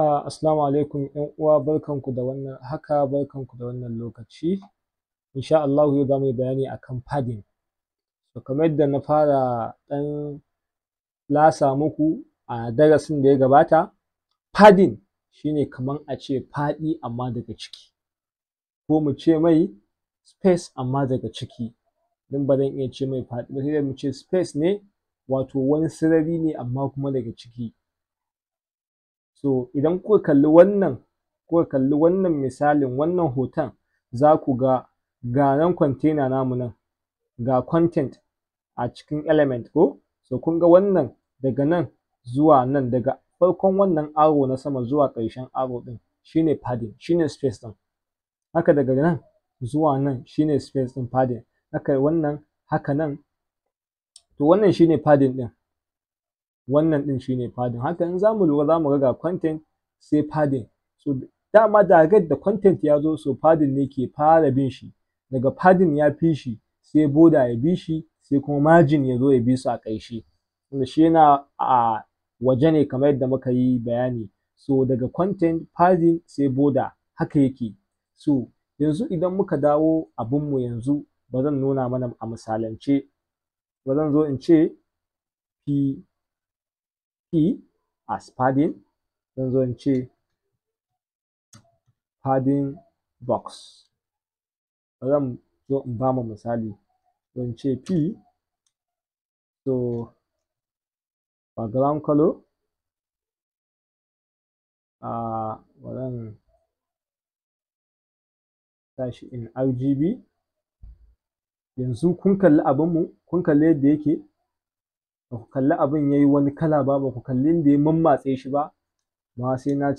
Ah, assalamu alaikum ‘yan uwa barkanku da wannan haka barkanku da wannan lokaci insha Allahu yau zamu yi bayani akan padding to kamar yadda na fara ɗan lasa muku a darasin da ya gabata padding shine kaman a ce faɗi amma daga ciki ko mu ce mai space amma daga ciki don ba zan iya ce mai fadi, ba sai mu ce space ne wato wani sarari ne amma kuma daga ciki so idan kuka kalli wannan kuka kalli wannan misalin wannan hoton za ku ga ga nan container namu nan ga content a cikin element ko so kun ga wannan daga nan zuwa nan daga farkon wannan arrow na sama zuwa ƙarshen arrow ɗin shine padding shine space ɗin haka daga nan zuwa nan shine space ɗin padding haka wannan haka nan to wannan shine padding ɗin wannan ɗin shine padding haka in zamu lura zamu ga ga content sai padding so dama direct da content ya zo so padding ne ke fara bin shi daga fadin ya fi shi sai boda ya bi shi sai kuma margin ya zo ya bi su a ƙarshe wanda shi yana a waje ne kamar yadda muka yi bayani so daga content padding sai boda haka yake so yanzu idan muka dawo abinmu yanzu ba zan nuna mana a misalance ba zan zo in ce p e as padding zan zo ce padding box zan zo in ba mu misali zan ce p so background color a zan in rgb yanzu kun kalli abinmu kun kalli yadda yake ba ku kalli abin ya yi wani kala ba ba ku kalli inda ya mammatse shi ba ma sai na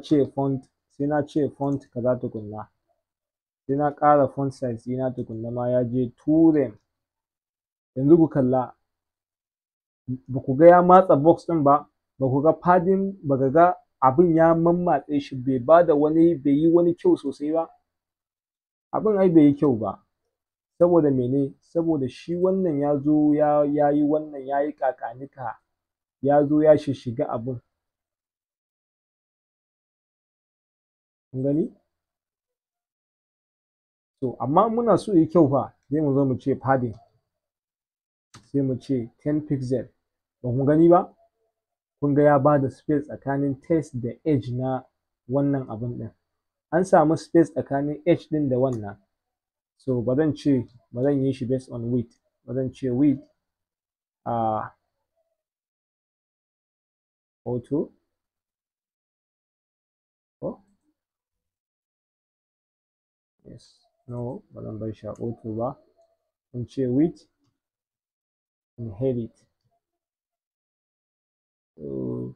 ce font sai na ce font ta kunna sai na ƙara font size ta kunna ma ya je Turin. yanzu ku kalla ba ku ga ya matsa box ɗin ba ba ku ga padding ba ga ga abin ya mammatse shi bai ba da wani bai yi wani kyau sosai ba abin ai bai yi kyau ba saboda mene saboda shi wannan ya zo ya yi wannan ya yi ƙaƙanika ya zo ya shishiga abin kun gani to amma muna so yi kyau fa sai mu zo mu ce padding sai mu ce 10 pixel ba kun gani ba kun ga ya ba da space tsakanin test da edge na wannan abin ɗin an samu space tsakanin edge ɗin da wannan so ba zan ce ba yi shi based on weight, ba zan weight, ah, a auto oh yes no ba zan bar shi a auto ba zan ce width inherit so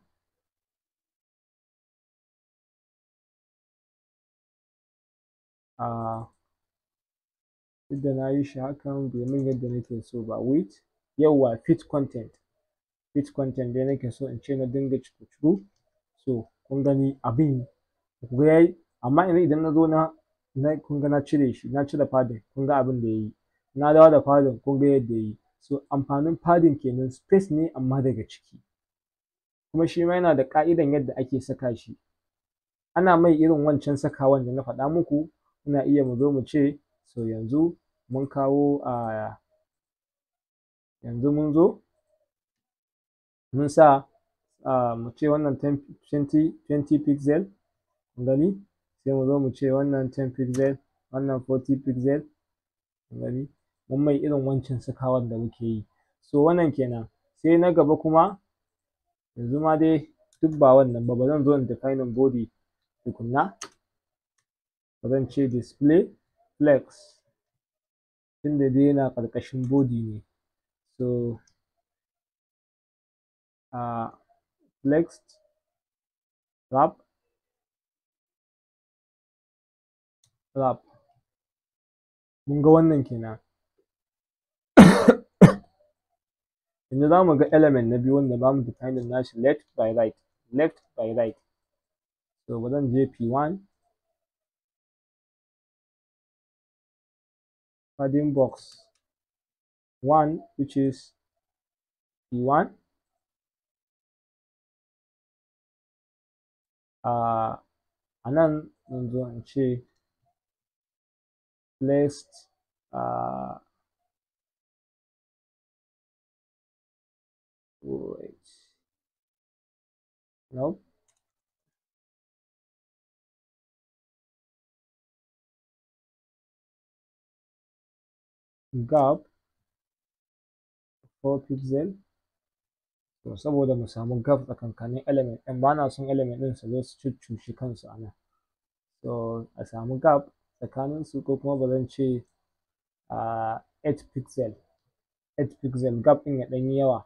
uh, duk da na yi shi hakan bai yadda nake so ba wait yawwa fit content fit content dai nake so in ce na dinga cuku-cuku so kun gani abin ku yayi amma idan na zo na na kun ga na cire shi na cire padding kun ga abin da ya yi na dawo da padding kun ga yadda ya yi so amfanin padding kenan space ne amma daga ciki kuma shi ma yana da ƙa'idan yadda ake saka shi ana mai irin wancan sakawan da na faɗa muku muna iya mu zo mu ce so yanzu mun kawo a yanzu mun zo mun sa mu ce wannan 20 pixel gani sai mu zo mu ce wannan 10 pixel wannan 40 pixel gani mun mai irin wancan sakawar da muke yi so wannan kenan sai na gaba kuma yanzu ma dai duk ba wannan ba ba zan zo in defining body tukunna ba zan ce display flex tunda dai yana ƙarƙashin body ne so uh, flexed wrap wrap mun ga wannan kenan yanzu za mu ga element na biyu wanda ba mu defining nashi left by right left by right so ba zan je p1 padding box one which is E1 uh, I'm going to see? placed uh, wait Nope. gap 4 pixel to saboda mu samu gap tsakankanin element ɗin ba na son element ɗin su zo su cuccushi kansu a nan so a samu gap tsakanin su ko kuma ba zan ce a 8 pixel 8 pixel gap ɗin ya ɗan yi yawa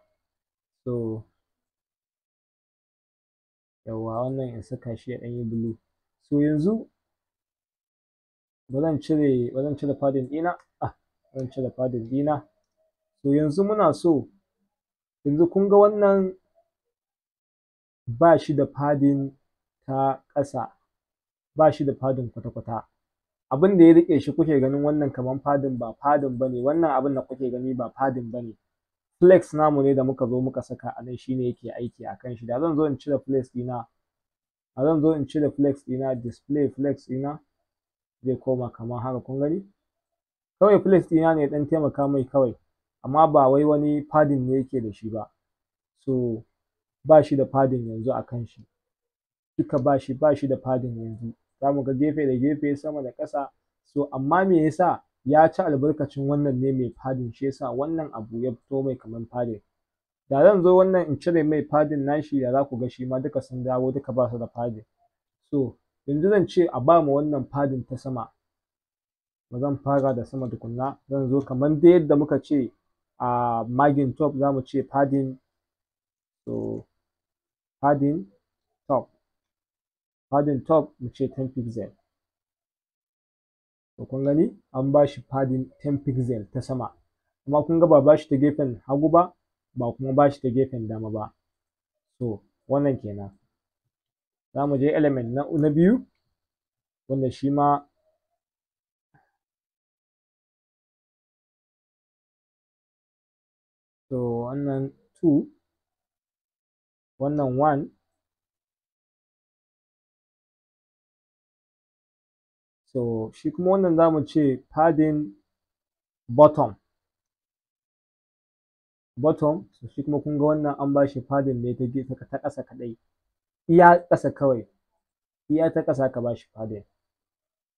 so yawa wannan in saka shi ya ɗan yi blue so yanzu ba zan cire ba zan cire padding ɗina zan cire fadin dina, to yanzu muna so yanzu kun ga wannan ba shi da fadin ta ƙasa ba shi da fadin kwata-kwata abin da ya riƙe shi kuke ganin wannan kaman fadin ba ba bane wannan abin da kuke gani ba ba bane flex namu ne da muka zo muka saka a nan shine yake aiki a kan shi da zan zo in cire flex dina, a zan zo in cire flex dina display flex dina, zai koma kaman haka kun gani kawai place ɗina ne ɗan taimaka mai kawai amma ba wai wani fadin ne yake da shi ba so ba shi da fadin yanzu a kan shi duka ba shi ba shi da fadin yanzu za mu ga gefe da gefe sama da ƙasa so amma me yasa ya ci albarkacin wannan ne mai fadin? shi yasa wannan abu ya fito mai kamar fadin? da zan zo wannan in cire mai fadin nashi da za ku ga shi ma duka sun dawo duka ba su da fadin, so yanzu zan ce a ba mu wannan fadin ta sama ba zan fara da sama tukunna zan zo kamar dai yadda muka ce a margin top za mu ce padding so padding top padding top mu ce 10 pixel to kun gani an ba shi padding 10 pixel ta sama amma kun ga ba ba shi ta gefen hagu ba ba kuma ba shi ta gefen dama ba so wannan kenan za mu je element na biyu wanda shi ma so wannan two wannan one so shi kuma wannan zamu ce padding bottom bottom so shi kuma kun ga wannan an bashi padding ne ta gefe ta ƙasa kaɗai iya ƙasa kawai iya ta ƙasa ka bashi padding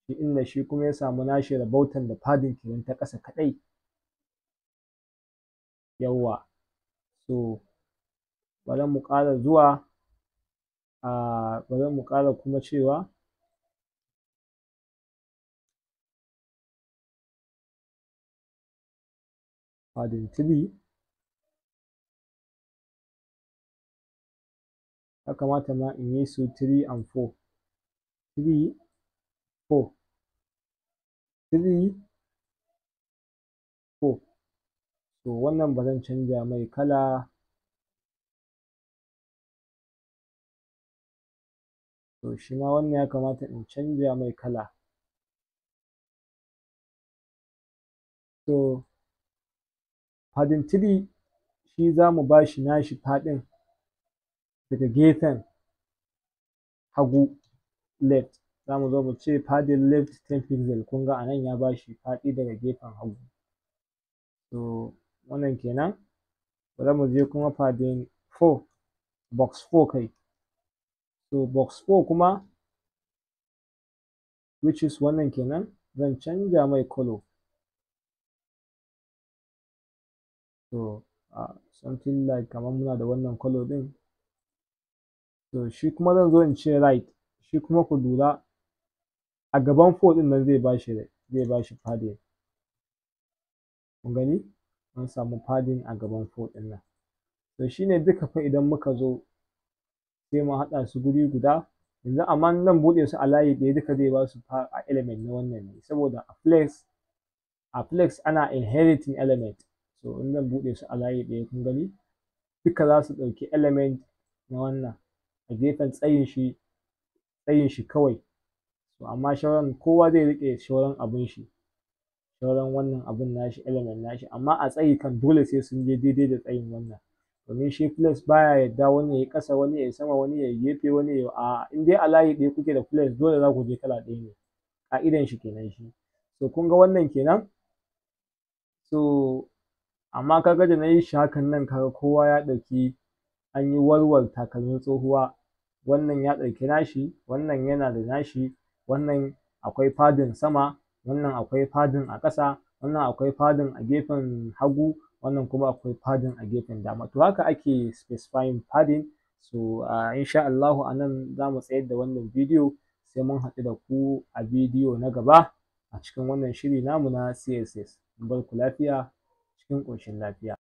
inda shi kuma ya samu nashi rabautan da padding kenan ta ƙasa kaɗai yawwa so zan mu ƙara zuwa a zan mu ƙara kuma cewa fadin three ya kamata ma in yi su three and four three four three to wannan ba zan canja mai kala to shi ma wannan ya kamata in canja mai kala to padding tiri shi za mu ba shi nashi faɗin daga gefen hagu left za mu zo mu ce fadin left ten pixel kun ga a ya ba shi faɗi daga gefen hagu to wannan kenan za mu je kuma fadin 4 box 4 kai so box 4 kuma which is wannan kenan zan canja mai color so uh, something like kamar muna da wannan color din so shi kuma zan zo in ce right shi kuma ku lura a gaban 4 din nan zai bashi zai bashi fadin kun gani an samu fadin a gaban 4 nan to shine duka fa idan muka zo sai mu haɗa su guri guda yanzu amma nan buɗe su a layi ɗaya duka zai ba su a element na wannan ne saboda a flex a flex ana inheriting element so in zan buɗe su a layi ɗaya kun gani duka za su ɗauki element na wannan a gefen tsayin shi tsayin shi kawai to amma shawaran kowa zai rike shawaran abin shi sauran wannan abun nashi element nashi amma a tsayi kan dole sai sun je daidai da tsayin wannan domin shi plus baya yadda wani yayi ƙasa wani yayi sama wani yayi gefe wani yayi a in dai a layi ɗaya kuke da plus dole za ku je kala ɗaya ne ka'idan shi kenan shi to kun ga wannan kenan so amma kaga da yi shi hakan nan kaga kowa ya ɗauki an yi warwar takalmin tsohuwa wannan ya ɗauki nashi wannan yana da nashi wannan akwai fadin sama wannan akwai fadin a ƙasa wannan akwai fadin a gefen hagu wannan kuma akwai fadin a gefen dama to haka ake specifying fadin so uh, insha Allahu a nan za mu tsayar da wannan bidiyo sai mun haɗu da ku a bidiyo na gaba a cikin wannan shiri namu na CSS mun bar ku lafiya cikin ƙoshin lafiya